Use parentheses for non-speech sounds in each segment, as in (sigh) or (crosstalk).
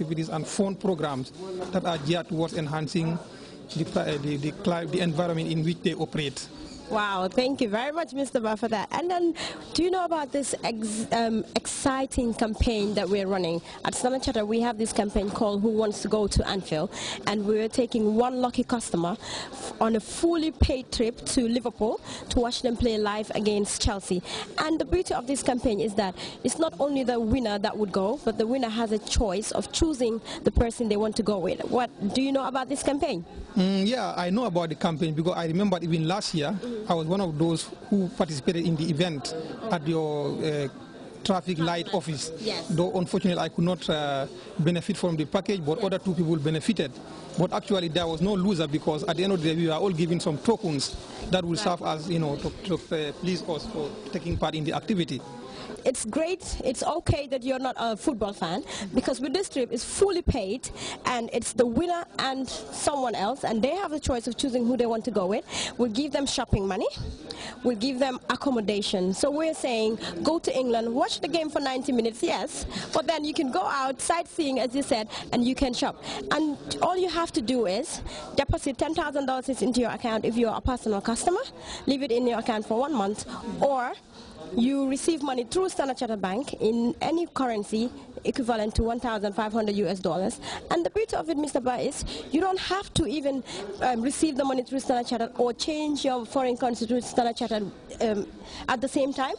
activities and fund programs that are geared towards enhancing the, the, the, the environment in which they operate. Wow, thank you very much, Mr. Ba, for that. And then, do you know about this ex um, exciting campaign that we're running? At Standard Chatter? we have this campaign called Who Wants to Go to Anfield, and we're taking one lucky customer on a fully paid trip to Liverpool to watch them play live against Chelsea. And the beauty of this campaign is that it's not only the winner that would go, but the winner has a choice of choosing the person they want to go with. What do you know about this campaign? Mm, yeah, I know about the campaign because I remember even last year. Mm I was one of those who participated in the event at your uh, traffic light office. Yes. Though unfortunately I could not uh, benefit from the package, but yes. other two people benefited. But actually there was no loser because at the end of the day we are all given some tokens that will serve as, you know, to, to uh, please us for taking part in the activity it's great, it's okay that you're not a football fan because with mm-hmm. this trip it's fully paid and it's the winner and someone else and they have the choice of choosing who they want to go with. We'll give them shopping money, we'll give them accommodation. So we're saying go to England, watch the game for 90 minutes, yes, but then you can go out sightseeing as you said and you can shop. And all you have to do is deposit $10,000 into your account if you're a personal customer, leave it in your account for one month or you receive money through Standard Chartered Bank in any currency equivalent to 1,500 US dollars. And the beauty of it, Mr. Ba, is you don't have to even um, receive the money through Standard Chartered or change your foreign currency through Standard Chartered um, at the same time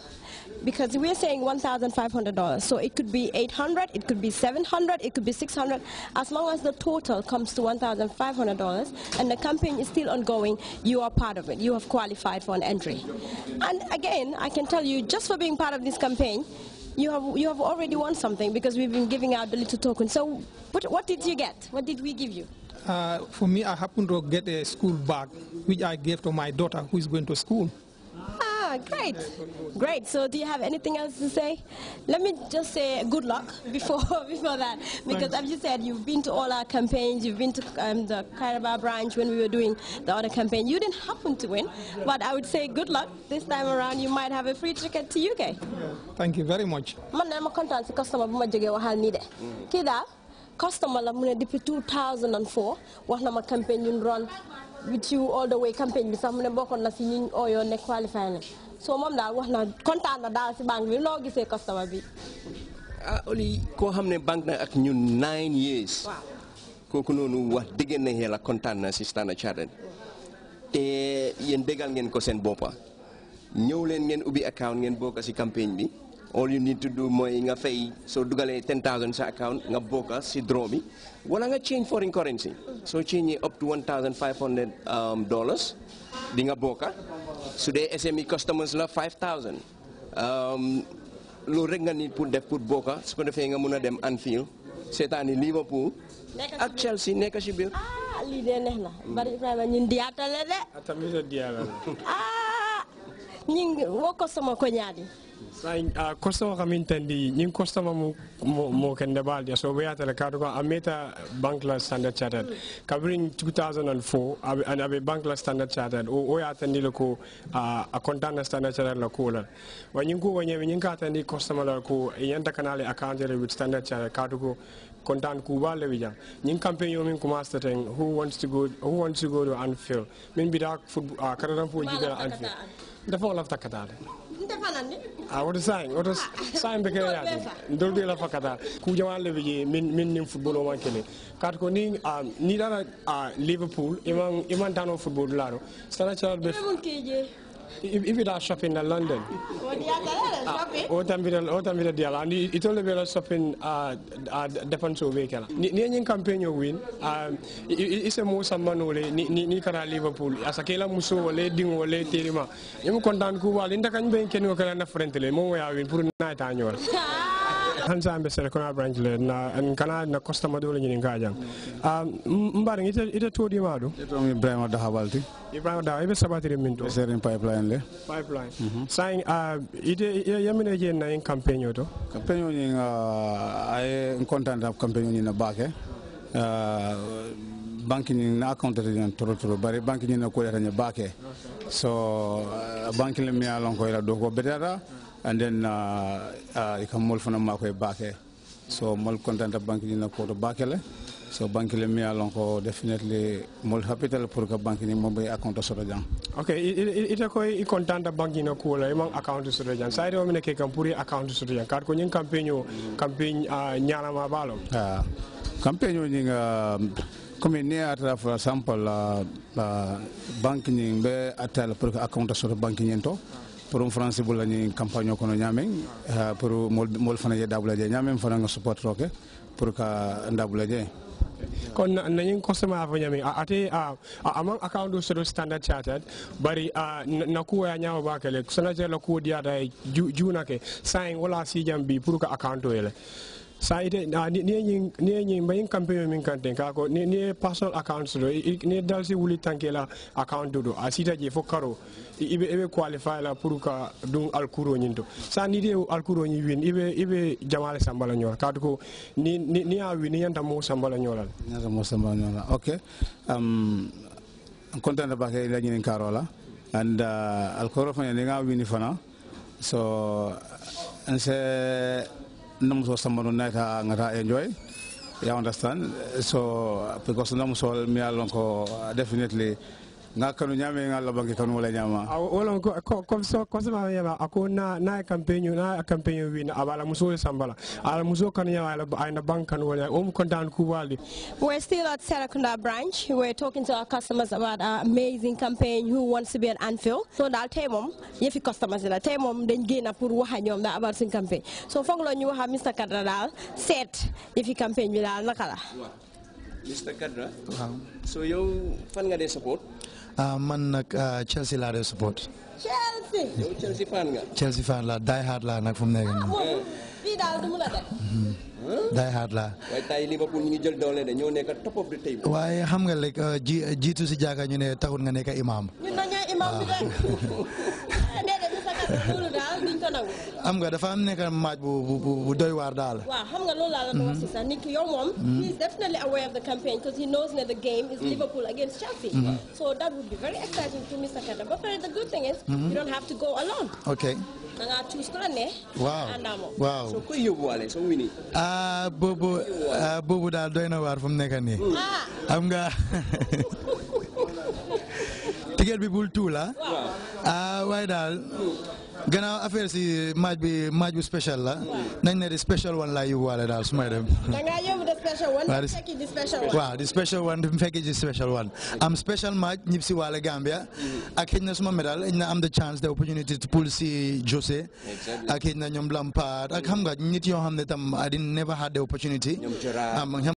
because we're saying $1,500. So it could be 800, it could be 700, it could be 600. As long as the total comes to $1,500 and the campaign is still ongoing, you are part of it. You have qualified for an entry. And again, I can tell you, just for being part of this campaign, you have you have already won something because we've been giving out the little token. So what, what did you get? What did we give you? Uh, for me, I happened to get a school bag, which I gave to my daughter who is going to school. Ah great. Great. So do you have anything else to say? Let me just say good luck (laughs) before (laughs) before that, because Thanks. as you said, you've been to all our campaigns, you've been to um, the Caraba branch when we were doing the other campaign. You didn't happen to win, but I would say good luck. This time around, you might have a free ticket to UK. Thank you very much. I'm a customer. I'm a customer la mu ne depuis 2004 wax na ma campagne ñun run with you all the way campagne bi sax mu ne bokkoon na si ñi ooyoon ne qualifié na so moom daal wax na kontaan na daal si banque bi noo gisee customer bi. ah koo xam ne banque na ak ñu nine years. waaw kooku noonu wax dëgg na yàlla kontaan na si Standard Chartered te yéen déggal ngeen ko seen boppa ñëw leen ngeen ubbi account ngeen bokk si campagne bi. all you need to do moy nga fay so dugalee ten thousand sa account nga bokka si draw bi wala nga change foreign currency so change up to 1500 thousand five hundred um, dollars di nga bokka su dee SME customers la five thousand um, lo rek nga nit pour def pour bokka su ko defee nga mëna dem Anfield seetaani Liverpool ak Chelsea ci si ah li de neex na bari Ibrahima ñun diyaatale de atamisa ah ñing wo ko sama ko ñaadi sai a uh, kosto kamin tandi mo kende ko la standard chartered 2004 abe la standard chartered le ko a kontan standard chartered la la wa ko ka la ko with standard chartered ko kuba lewija ñing campaign yo min commencé who wants to go who wants to go to anfield min bida football uh, fo anfield Ndefo ah, ah, (laughs) la fakatade. Ndefanani? Ah, what is sign? What is sign beke ya? Ndolbe la fakatade. Kuja wa lebi min min nim football wan kele. Kat ko ni ah ni dara ah Liverpool iman iman tano football laro. Sana chalbe. Mun keje. if, you are shopping in London. Otambira otambira diala ni itole bela shopping a a depan so be kala. Ni ni campaign win um uh, a mo samano le ni ni kana Liverpool asakela muso le dingo le terima. Yum kontan ku wal inda kan ben ken ko kala na frente le mo ya win pour na ta hansa ambe sere kona branch le na kana na customer do le nyini ngaja ah, mbar ngite ite to di madu to mi ibrahima da habalti ibrahima da ibe sabatire min to sere pipeline le pipeline mhm. sain ah, ite yamine je na en campaign to campaign ni ay content of campaign ni na bake ah, banki ni na account ta ni toro toro bare banki ni na ko ta bake so banki le mi alon ko ila do ko betata and then uh, uh, ika mol fana ma koy baake so mol contenta banque ni na ko to baake le so banque le mi alon ko definitely mol capital pour ka banque ni mobe account soto jang okay ita koy i contenta banque na ko la imang account soto jang sai do mi ne ke kam pour account soto jang kat ko nyin campagne campagne uh, nyala ma balo ah campagne ni nga um, comme ni ata for example la uh, uh, banque ni be atal pour ka account soto banque ni to ah. pour france bula ni campagne kono ñamen euh, pour mol mol je dabula je ñamen fana nga support pour ka ndabula je kon nañu customer afo ñami ate a among account do standard chartered bari a na ku ya nyaaw ba kele sona je la ku diata juna ke sain wala si jambi pour ka account ele sa ite ni ye ñiŋ ba ñiŋ kampeño miŋ kanteŋ ka ko ni ye personal account soto ni ye dalasi wuli tanke la account do a sita je fo karo i be qualify la pour ka duŋ alkuro ñiŋ to sa ni ye alkuro ñiŋ win i be jama le samba la ñoo la kaatu ko ni ye a win ni ñanta moo samba la ñoo la ñanta samba la ñoo la ok um, content da bake la ñinin karo la and uh, alkoro fana ni nga wini fana so nse namuso sambano nayta ngata e joy you understand so because namusol mi yalon ko definitely nga kanu nyame nga labange kanu wala nyama ah, wala ko ko so comme ma yaba ako na na campagne na campagne win abala muso sambala ala muso kanu yaba ala ayna bank kanu wala o mu kontan ku wali we still at Serakunda branch we talking to our customers about our amazing campaign who wants to be an Anfield so dal tay mom yefi customers la tay mom dañ gëna pour waxa ñom da about sun campaign so fogg lo ñu waxa Mr Kadra dal set yefi campagne bi dal nakala Mr Kadra. waaw ah, man nag ah, Chelsea laa dee support. Chelsea. yow nga. Chelsea fan laa die laa nag fu mu nekk nii. Ah, fii daal du la def. Mhm. die laa. waaye xam nga rek ji jiitu si jaaga ñu ne taxul nga nekk imaam. ñun (laughs) am nga dafa am nekk maaj bu doy waar daal. waaw xam nga loolu laa la doon hmm. he is definitely aware of the campaign because he knows that the game is hmm. Liverpool against Chelsea. Hmm. so that would be very exciting to Mr. Kata but the good thing is. you don't have ah, ah, daal doy na waar fu mu nekk nii. ah xam nga. (laughs) get people too, lah. ah waaye daal gannaaw affaire si might be might be special la Then ne special one you laa yóbbuwaale smile them. may you have the special one the special di fekki the special one i am special match nipsi Wale Gambia I mm. can na suma medal xëy i am the chance the opportunity to pull si Jose I can na ñoom pad. I xam nga nit your xam I didn't never had the opportunity